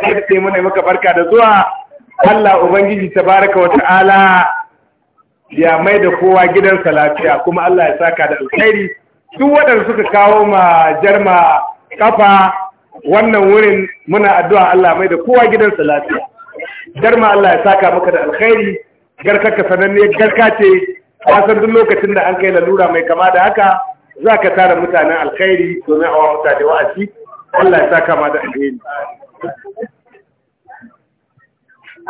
sai muna maka barka da zuwa Allah Ubangiji baraka wa ta'ala ya mai da kowa gidansa lafiya kuma Allah ya saka da alkhairi duk waɗanda suka kawo ma jarma kafa wannan wurin muna addu'a Allah mai da kowa gidansa lafiya jarma Allah ya saka maka da alkhairi garkarka sananne garka ce a san duk lokacin da an kai lalura mai kama da haka za ka tara mutanen alkhairi domin a mutane wa'azi Allah ya saka ma da alkhairi.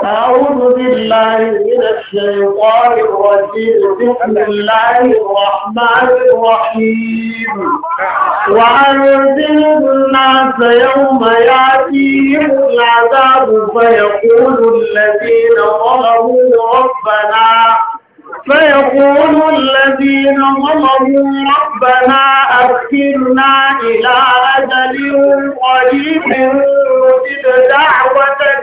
أعوذ بالله من الشيطان الرجيم بسم الله الرحمن الرحيم وأنزل الناس يوم يأتيهم العذاب فيقول الذين ظلموا ربنا فيقول الذين ظلموا ربنا أخرنا إلى أجل قريب نجد دعوتك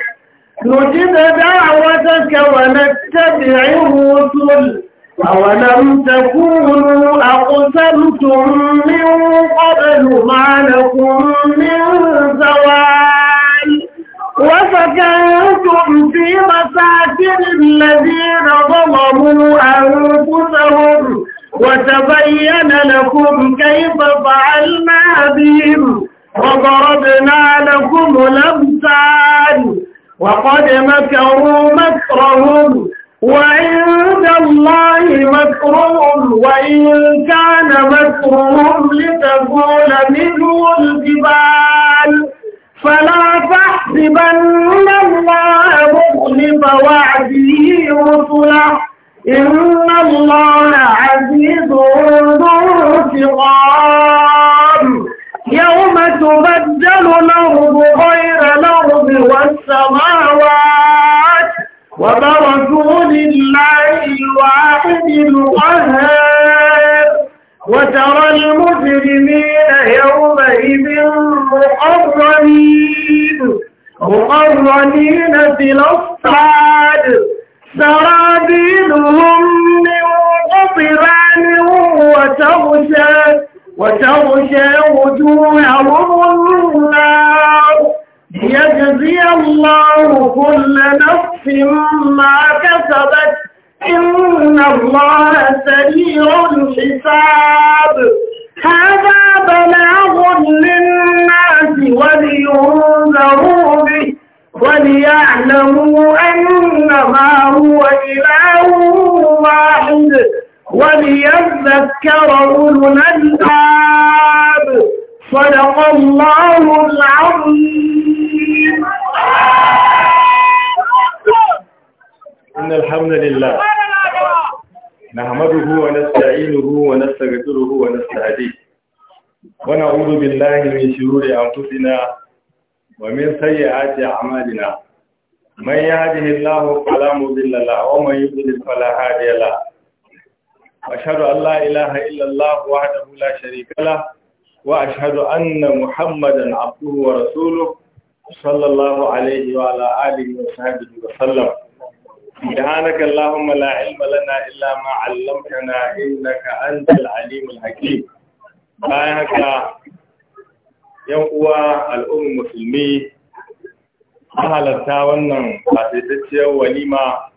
نجد دعوتك ونتبع الرسل أولم تكونوا أقسمتم من قبل ما لكم من زوال وسكنتم في مساكن الذين ظلموا أنفسهم وتبين لكم كيف فعلنا بهم وضربنا لكم الأمثال وقد مكروا مكرهم وعند الله مكرهم وإن كان مكرهم لتكون منه الجبال فلا تحسبن الله مخلف وعده رسله إن الله عزيز ذو انتقام يوم تبدل الأرض غير الأرض والسماوات وبرزوا لله الواحد القهار وترى المجرمين يومئذ مقرنين مقرنين في الأصفاد سرابيلهم من قطران وتغشى وتغشى وجوههم النار ليجزي الله كل نفس ما كسبت إن الله سريع الحساب هذا بلاغ للناس ولينذروا به وليعلموا أنما هو إله واحد وليذكر أولو الألباب صدق الله العظيم إن الحمد لله نحمده ونستعينه ونستغفره ونستهديه ونعوذ بالله من شرور أنفسنا ومن سيئات أعمالنا من يهده الله فلا مضل له ومن يضلل فلا هادي له أشهد أن لا إله إلا الله وحده لا شريك له وأشهد أن محمدا عبده ورسوله صلى الله عليه وعلى آله وصحبه وسلم سبحانك na لا علم لنا إلا ما علمتنا إنك أنت العليم الحكيم bayan haka yan uwa al'ummar musulmi an halarta wannan fataitacciyar walima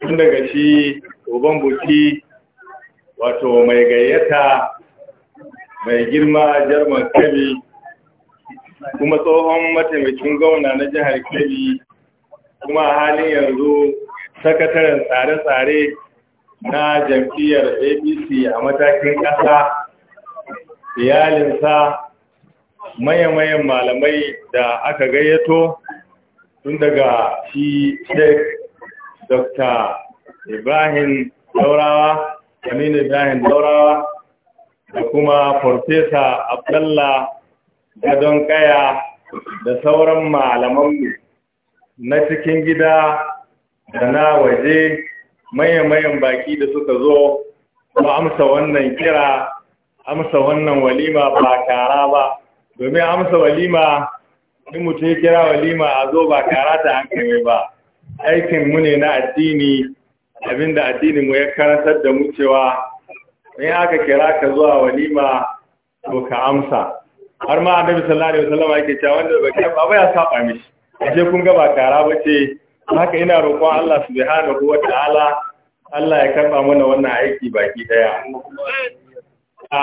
tun daga shi uban buki wato mai gayyata mai girma jarman kabi kuma tsohon mataimakin gauna na jihar kabi kuma halin yanzu sakataren tsare-tsare na jam'iyyar A.B.C a matakin ƙasa iyalinsa mayan-mayan malamai da aka gayyato tun daga shi sheik dr ibrahim daurawa aminu ibrahim daurawa da kuma farfesa abdallah gadon kaya da sauran malamanmu na cikin gida da na waje mayan-mayan baki da suka zo ba amsa wannan kira amsa wannan walima ba kara ba domin amsa walima in mutum ya kira walima a zo ba kara ta hankali ba aikin mu ne na addini da addinin mu ya karantar da mu cewa in aka kira ka zuwa walima to ka amsa har ma annabi sallallahu alaihi wasallam yake cewa wanda ba ba ya saba mishi ashe kun ga ba kara ba ce haka ina roƙon Allah subhanahu wa ta'ala Allah ya karɓa mana wannan aiki baki daya a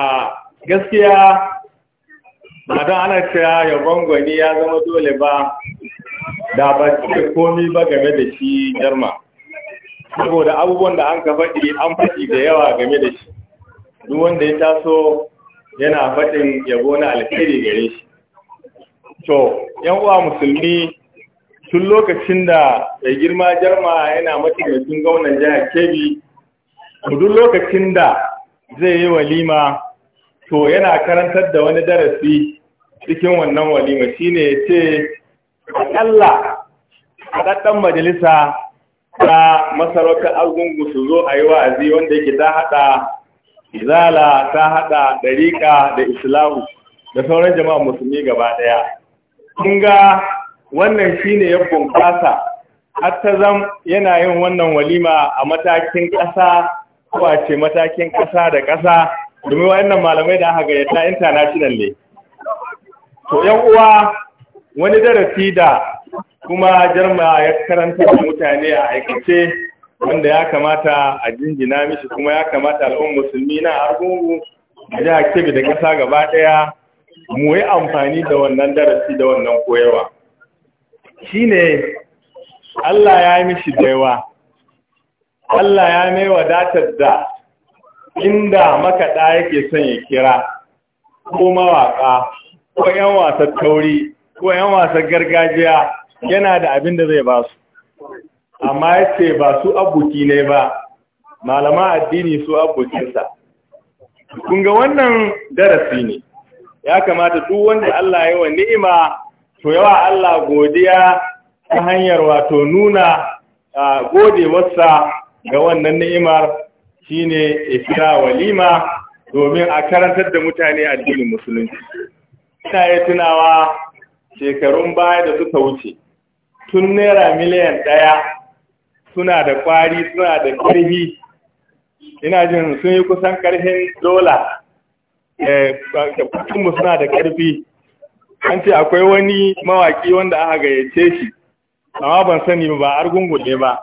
gaskiya ba don ana cewa yabon gwani ya zama dole ba da ba cike komi ba game da shi jarma saboda abubuwan da an ka faɗi an faɗi da yawa game da shi duk wanda ya taso yana faɗin yabo na alkhairi gare shi to yan uwa musulmi tun lokacin da mai girma jarma yana mataimakin gwamnan jihar kebbi duk lokacin da zai yi walima to yana karantar da wani darasi cikin wannan walima shine ya ce akalla haɗaɗɗen majalisa ta masarautar argungu su zo a yi wa'azi wanda yake ta haɗa izala ta haɗa ɗariƙa da islamu da sauran jama'a musulmi gaba ɗaya. Kun ga wannan shine ya bunƙasa har ta zam yana yin wannan walima a matakin ƙasa ko a ce matakin ƙasa da ƙasa domin wayannan malamai da aka gayyata international ne to yan uwa wani darasi da kuma jarma ya karanta da mutane a aikace wanda ya kamata a jinjina mishi kuma ya kamata al'ummar musulmi na argungu da jihar kebbi da ƙasa gaba ɗaya mu yi amfani da wannan darasi da wannan koyawa. Shi ne, Allah ya yi mishi yawa, Allah ya mai wadatar da inda makaɗa yake son ya kira ko mawaƙa ko 'yan wasan tauri ko 'yan wasan gargajiya yana da abin da zai ba su amma ya ce ba su abuki ne ba malama addini su abokinsa Kunga wannan darasi ne ya kamata duk wanda Allah ya wa ni'ima to yawa Allah godiya ta hanyar wato nuna gode masa ga wannan ni'imar shine ikira walima domin a karantar da mutane addinin musulunci ina ya tunawa shekarun baya da suka wuce tun naira miliyan ɗaya suna da kwari suna da ƙarfi ina jin sun yi kusan ƙarfin dola eh suna da ƙarfi an ce akwai wani mawaki wanda aka gayyace shi amma ban sani ba ba argungu ne ba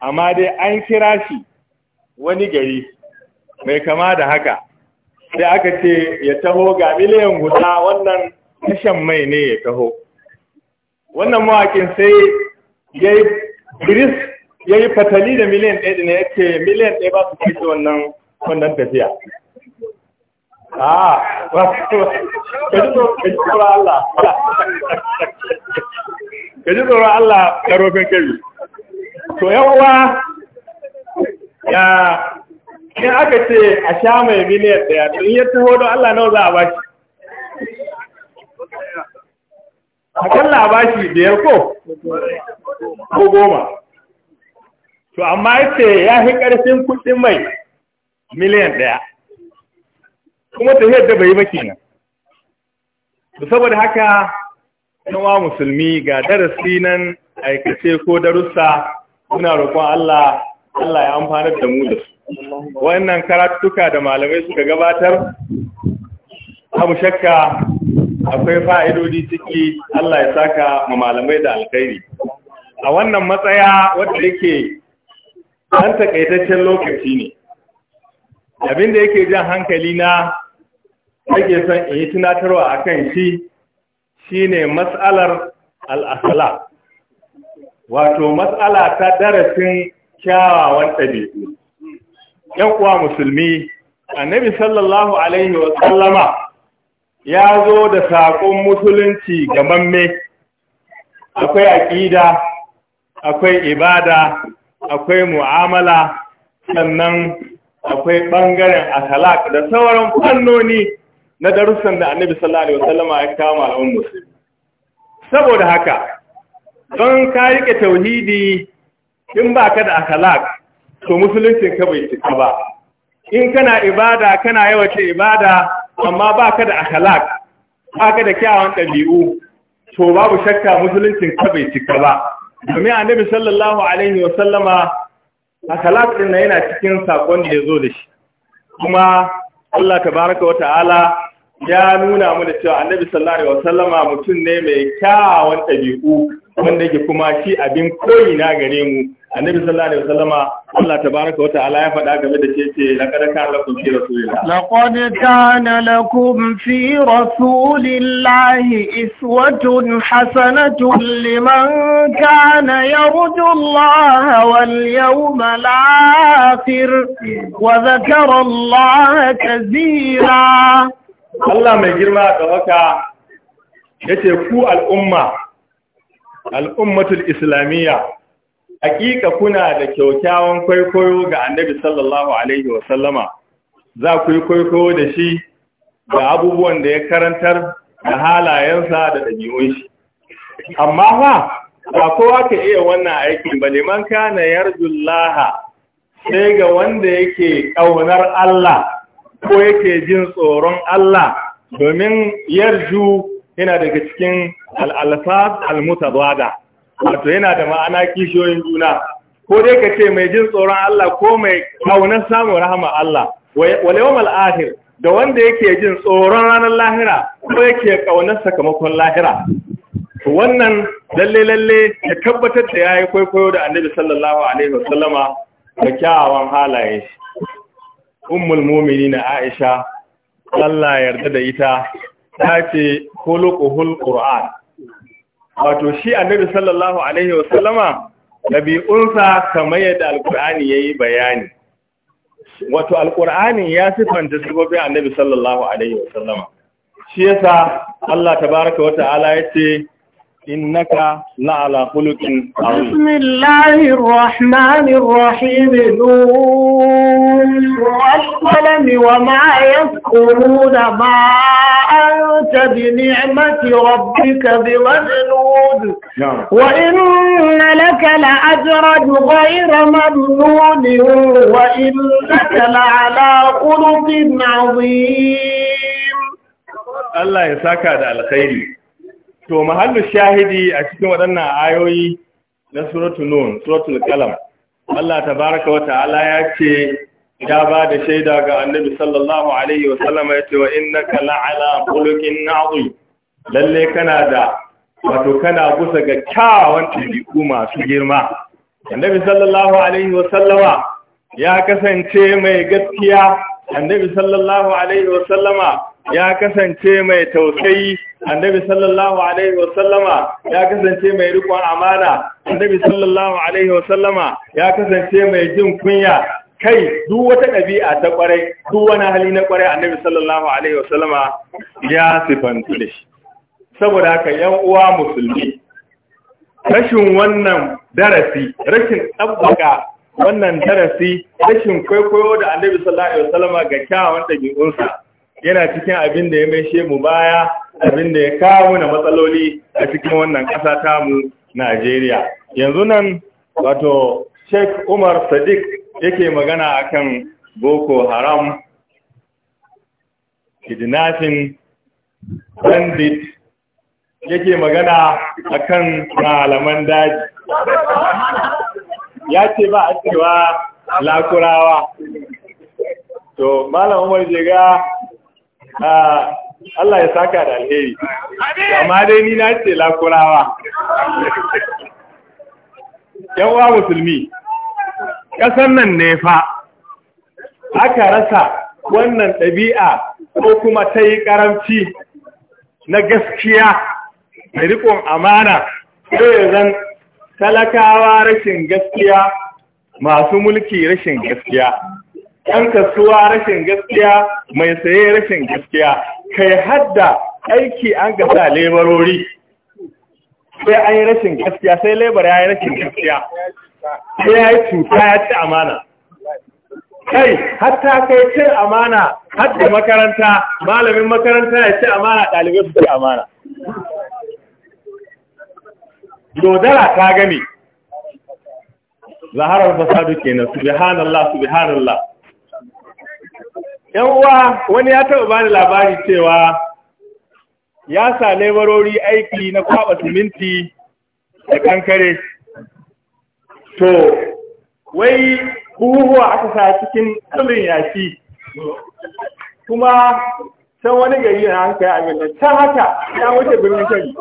amma dai an kira shi wani gari mai kama da haka sai aka ce ya taho ga miliyan guda wannan tashan mai ne ya taho wannan mawakin sai ya yi biris ya yi fatali da miliyan ɗaya ne ya ce miliyan ɗaya ba su kai wannan wannan tafiya a kaji Allah kaji tsoron Allah ya rofin kebi to yawa ya in aka ce a sha mai miliyan daya in ya don Allah nawa za a bashi akalla a bashi biyar ko ko goma to amma ya ce ya ƙarfin kuɗin mai miliyan ɗaya. kuma ta yadda bai ba kenan da saboda haka nawa musulmi ga darasi nan aikace ko darussa muna roƙon Allah Allah ya amfana da mu da su wannan karatuka da malamai suka gabatar abu shakka akwai fa'idodi ciki Allah ya saka ma malamai da alkhairi a wannan matsaya wadda yake an takaitaccen lokaci ne abinda yake jan hankali na ake son in yi tunatarwa a kan shi shi ne matsalar al'asala wato matsala ta darasin kyawawan ɗabi'u ‘yan kuwa musulmi annabi sallallahu alaihi sallama ya zo da saƙon musulunci ga mamme akwai aƙida akwai ibada akwai mu'amala sannan akwai ɓangaren asalak da sauran fannoni na darussan da annabi sallallahu alaihi wasallama ya kawo al'ummar musulmi saboda haka don ka rike tauhidi in ba ka da akhlaq to musuluncin ka bai cika ba in kana ibada kana yawace ibada amma ba ka da akhlaq ba ka da kyawun ɗabi'u to babu shakka musuluncin ka bai cika ba domin annabi sallallahu alaihi wasallama akhlaq din yana cikin sakon da ya zo da shi kuma Allah tabaraka wa ta'ala ya nuna mana cewa annabi sallallahu alaihi wasallama mutum ne mai kyawawan ɗabi'u wanda yake kuma shi abin koyi na gare mu annabi sallallahu alaihi wasallama Allah tabaraka wa ta'ala ya faɗa game da cece laqad kana lakum fi rasulillah laqad kana lakum fi rasulillahi iswatun hasanatun liman kana yarju Allah wal yawmal akhir wa dhakara Allah kathira Allah mai girma ga waka ya ce ku al'umma al'ummatul islamiyya hakika kuna da kyaukyawan kwaikwayo ga annabi sallallahu alaihi Wasallama. za ku yi kwaikwayo da shi ga abubuwan da ya karantar da halayensa da ɗabi'un shi amma fa ba kowa ka iya wannan aikin ba neman kana yarjullaha sai ga wanda yake ƙaunar Allah ko yake jin tsoron Allah domin yarju yana daga cikin al'alfaz al-mutadada wato yana da ma'ana kishiyoyin juna ko dai ka ce mai jin tsoron Allah ko mai kaunar samun rahama Allah wale wa mal’ahir da wanda yake jin tsoron ranar lahira ko yake kaunar sakamakon lahira wannan lalle lalle ya tabbatar da ya yi kwaikwayo da Annabi sallallahu alaihi wasallama da kyawawan halaye ummul mu'minin Aisha Allah yarda da ita ta ce khuluquhul Qur'an wato shi annabi sallallahu alaihi wasallama ɗabi'unsa kamar yadda Alƙur'ani ya yi bayani wato Alƙur'ani ya sifanta sifofin annabi sallallahu alaihi wasallama shi yasa Allah tabaaraka wa ta'ala yace إنك لعلى خلق عظيم بسم الله الرحمن الرحيم نور والقلم وما يذكرون ما أنت بنعمة ربك بمجنود نعم. وإن لك لأجرا غير ممنون وإنك لعلى خلق عظيم الله يساك هذا الخير to mahallu shahidi a cikin waɗannan ayoyi na suratul nun suratul qalam Allah tabaraka wa ta'ala ya ce ya ba da shaida ga annabi sallallahu alaihi wasallama ya ce wa innaka la'ala khuluqin azim lalle kana da wato kana gusa ga kyawawan tabi'u masu girma annabi sallallahu alaihi wasallama ya kasance mai gaskiya annabi sallallahu alaihi wasallama ya kasance mai tausayi annabi sallallahu alaihi wasallama ya kasance mai riƙon amana annabi sallallahu alaihi wasallama ya kasance mai jin kunya kai duk wata ɗabi'a ta ƙwarai duk wani hali na ƙwarai annabi sallallahu alaihi wasallama ya sifantu da shi saboda haka yan uwa musulmi rashin wannan darasi rashin tsabbaka wannan darasi rashin kwaikwayo da annabi sallallahu alaihi wasallama ga kyawun ɗabi'unsa yana cikin abin da ya maishe mu baya abin da ya kawo na matsaloli a cikin wannan ƙasa tamu Najeriya yanzu nan wato Sheikh Umar Sadiq yake magana akan boko haram kidnapping bandit yake magana akan malaman daji ya ce ba a cewa lakurawa to malam umar jega Allah ya saka da alheri amma dai ni na ce lakurawa yan uwa musulmi ƙasar nan ne fa aka rasa wannan ɗabi'a ko kuma ta yi ƙaramci na gaskiya da riƙon amana ko zan talakawa rashin gaskiya masu mulki rashin gaskiya ɗan kasuwa rashin gaskiya mai saye rashin gaskiya kai hadda aiki an gasa lebarori sai an yi rashin gaskiya sai lebar ya yi rashin gaskiya sai ya yi cuta ya ci amana kai hatta kai cin amana hatta makaranta malamin makaranta ya ci amana ɗalibai su ci amana dodara ta gami zaharar fasadu kenan subhanallah subhanallah yan uwa wani ya taɓa bani labari cewa ya sa lemarori aiki na kwaɓa siminti da kankare to wai huhuwa aka sa cikin tsirin yashi kuma can wani gari na hankali a gari can haka ya wuce birnin kai?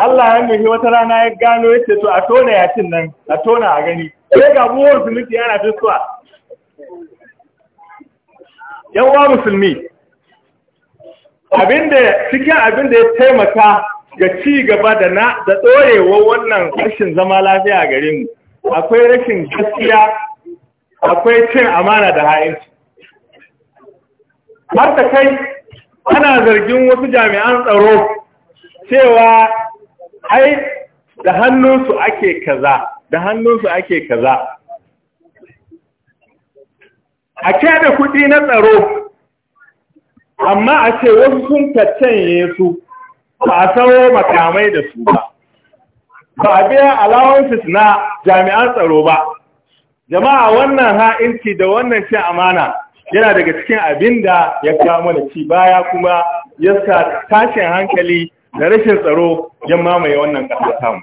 Allah ya nufi wata rana ya gano ya ce to a tona yakin nan a tona a gani sai ga buwar suminti yana fisuwa yan wa musulmi abinda cikin abinda ya taimaka ga ci gaba da na da ɗorewa wannan rashin zama lafiya gare mu akwai rashin gaskiya akwai cin amana da ha'inci har ta kai ana zargin wasu jami'an tsaro cewa ai da hannunsu ake kaza da hannunsu ake kaza a kada kuɗi na tsaro amma a ce wasu sun kacanye su ba a sawo makamai da su ba ba a biya allowances na jami'an tsaro ba jama'a wannan ha'inci da wannan cin amana yana daga cikin abin da ya kama da ci baya kuma ya sa tashin hankali da rashin tsaro ya mamaye wannan ƙasa samu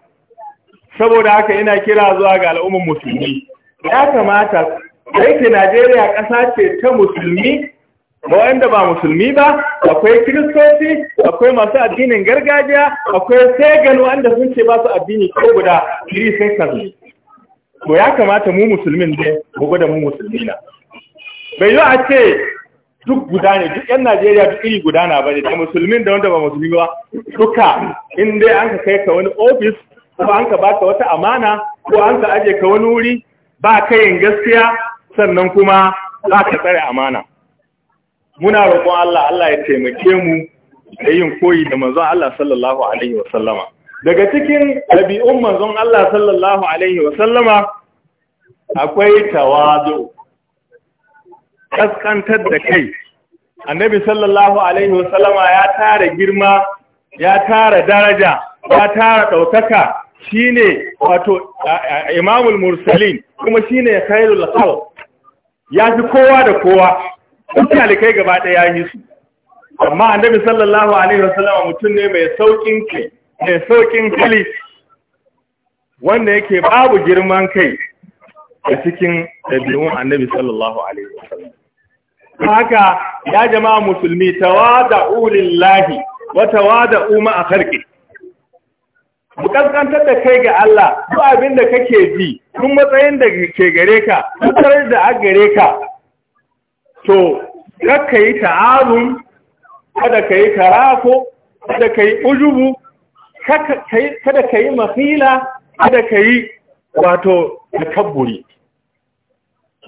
saboda haka ina kira zuwa ga al'ummar musulmi ya kamata da yake najeriya ƙasa ce ta musulmi Ba wanda ba musulmi ba akwai kiristoci akwai masu addinin gargajiya akwai segan wanda sun ce ba su addini ko guda kiri sai kazu to ya kamata mu musulmin ne mu gwada mu musulmi na bai yi a ce duk guda ne duk yan najeriya duk iri guda na bane da musulmin da wanda ba musulmi ba duka in dai an ka kai ka wani ofis ko an ka baka wata amana ko an ka aje ka wani wuri ba kayin gaskiya sannan kuma za ka tsare amana muna roƙon Allah Allah ya taimake mu da yin koyi da manzon Allah sallallahu alaihi wasallama daga cikin ɗabi'un manzon Allah sallallahu alaihi wasallama akwai tawazu kaskantar da kai annabi sallallahu alaihi wasallama ya tara girma ya tara daraja ya tara ɗaukaka shine wato imamul mursalin kuma shine khairul khalq ya fi kowa da kowa duk kai gaba ɗaya yi su amma annabi sallallahu alaihi wasallam mutum ne mai saukin kai mai saukin kali wanda yake babu girman kai a cikin ɗabi'un annabi sallallahu alaihi wasallam haka ya jama'a musulmi tawada'u lillahi wa uma a kharqi Mu kaskantar da kai ga Allah duk abin da kake ji kun matsayin da ke gare ka kun da a gare ka to kakka yi ta'adun, kada ka yi tarako kada ka yi ujubu kada ka yi mafila kada ka yi wato takaburi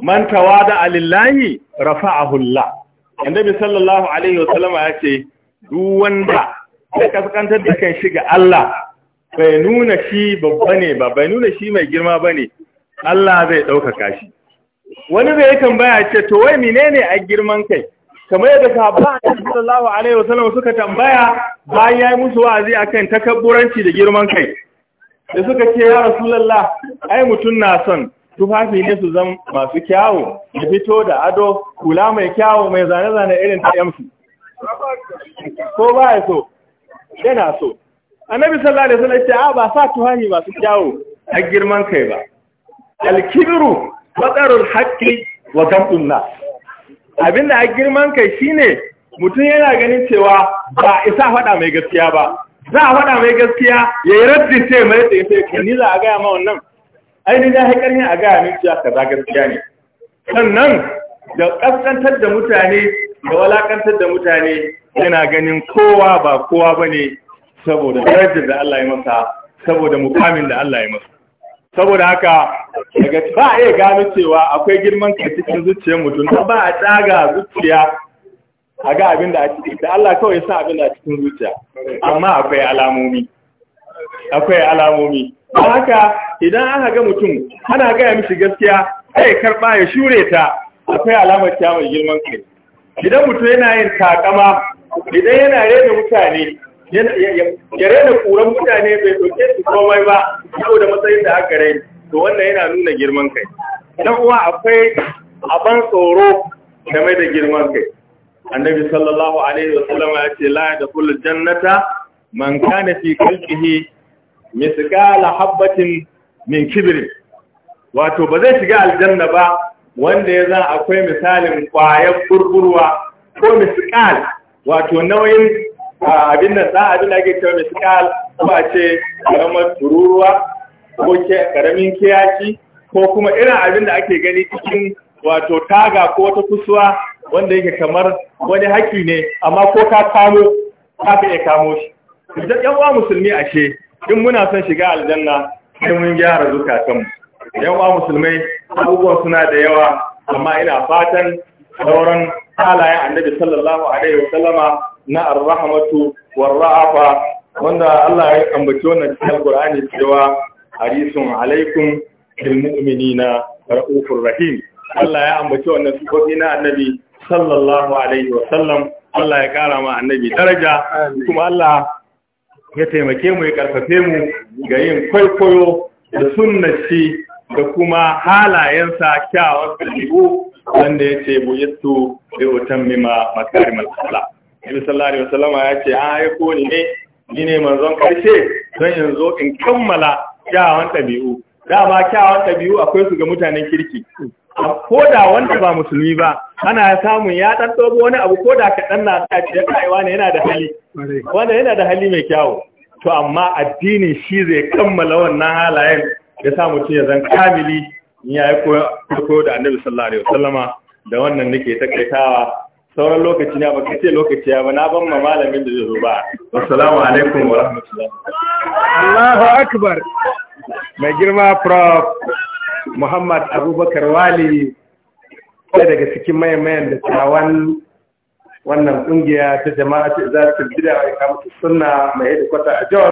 mantawa rafa alillahi hula. Allah annabi sallallahu alaihi wasallama ya ce duwanda ya kaskantar da kan shiga Allah bai nuna shi babba ne ba bai nuna shi mai girma bane Allah zai ɗaukaka shi wani zai tambaya ce to wai menene a girman kai kamar yadda sahabba sallallahu alaihi wasallam suka tambaya bayan yayi musu wa'azi akan takabburanci da girman kai da suka ce ya rasulullah ai mutun na son tufafi ne su zama masu kyawu da fito da ado kula mai kyawu mai zane zane irin ta yamsu ko ba ya so yana so annabi sallallahu alaihi wasallam ya ce a ba sa tufafi masu kyawu a girman kai ba alkibiru matsarul haƙƙi wa gamɗin na abinda a girman kai ne, mutum yana ganin cewa ba isa faɗa mai gaskiya ba za a faɗa mai gaskiya ya yi rabin ce mai tsaye sai ka ni a gaya ma wannan ainihin ya haƙar yin a gaya min cewa kaza gaskiya ne sannan da ƙasƙantar da mutane da walaƙantar da mutane yana ganin kowa ba kowa ba ne saboda darajar da Allah ya masa saboda mukamin da Allah ya masa saboda haka daga ba a iya gano cewa akwai girman ka cikin zuciyar mutum ba a tsaga zuciya a ga abin da a ciki da Allah kawai sa abin da a cikin zuciya amma akwai alamomi akwai alamomi don haka idan aka ga mutum ana gaya mishi gaskiya ai karɓa ya shure ta akwai alamar kyamar girman kai idan mutum yana yin takama idan yana rena mutane ya da kuran mutane bai ɗauke su komai ba saboda matsayin da aka rai to wannan yana nuna girman kai dan uwa akwai aban tsoro game da girman kai annabi sallallahu alaihi wasallam ya ce la yadkhulu jannata man kana fi qalbihi mithqala habatin min kibri wato ba zai shiga aljanna ba wanda ya za akwai misalin kwayar burburwa ko misqal wato nauyin abin nan da abin da ake cewa miskal kuma a ce karamar tururuwa ko karamin kiyaci ko kuma irin abin da ake gani cikin wato taga ko wata kusuwa wanda yake kamar wani haƙi ne amma ko ka kamo ka ka iya kamo shi idan yan uwa musulmi ashe in muna son shiga aljanna sai mun gyara zukatanmu yan uwa musulmai abubuwan suna da yawa amma ina fatan sauran halayen annabi sallallahu alaihi wasallama na arrahmatu wanda Allah ya ambaci wannan cikin Al-Qur'ani cewa harisun alaikum bil mu'minina ra'ufur rahim Allah ya ambaci wannan sifofi na Annabi sallallahu alaihi wa sallam Allah ya kara ma Annabi daraja kuma Allah ya taimake mu ya karfafe mu ga yin kwaikwayo da sunnaci da kuma halayen sa kyawawan dabi'u wanda ya ce buyattu bai wutan mima makarimar Nabi sallallahu alaihi ya ce an aiko ni ne ni ne manzon karshe don in in kammala kyawawan ɗabi'u dama kyawawan ɗabi'u akwai su ga mutanen kirki ko da wanda ba musulmi ba ana samun ya ɗan wani abu ko da kaɗan na sa ce kaiwa ne yana da hali wanda yana da hali mai kyawu to amma addinin shi zai kammala wannan halayen ya sa mutum ya zan kamili in ya yi koyo da annabi sallallahu alaihi wasallama da wannan nake takaitawa sauran lokaci na baka ce lokaci ya ba na ban ma malamin da zai zo ba assalamu alaikum wa rahmatullahi Allahu akbar mai girma prof Muhammad Abubakar Wali ɗaya daga cikin mayan da tsawon wannan ƙungiya ta jama'a ta izalatul bid'a wa ikamatu sunna mai kwata a jawar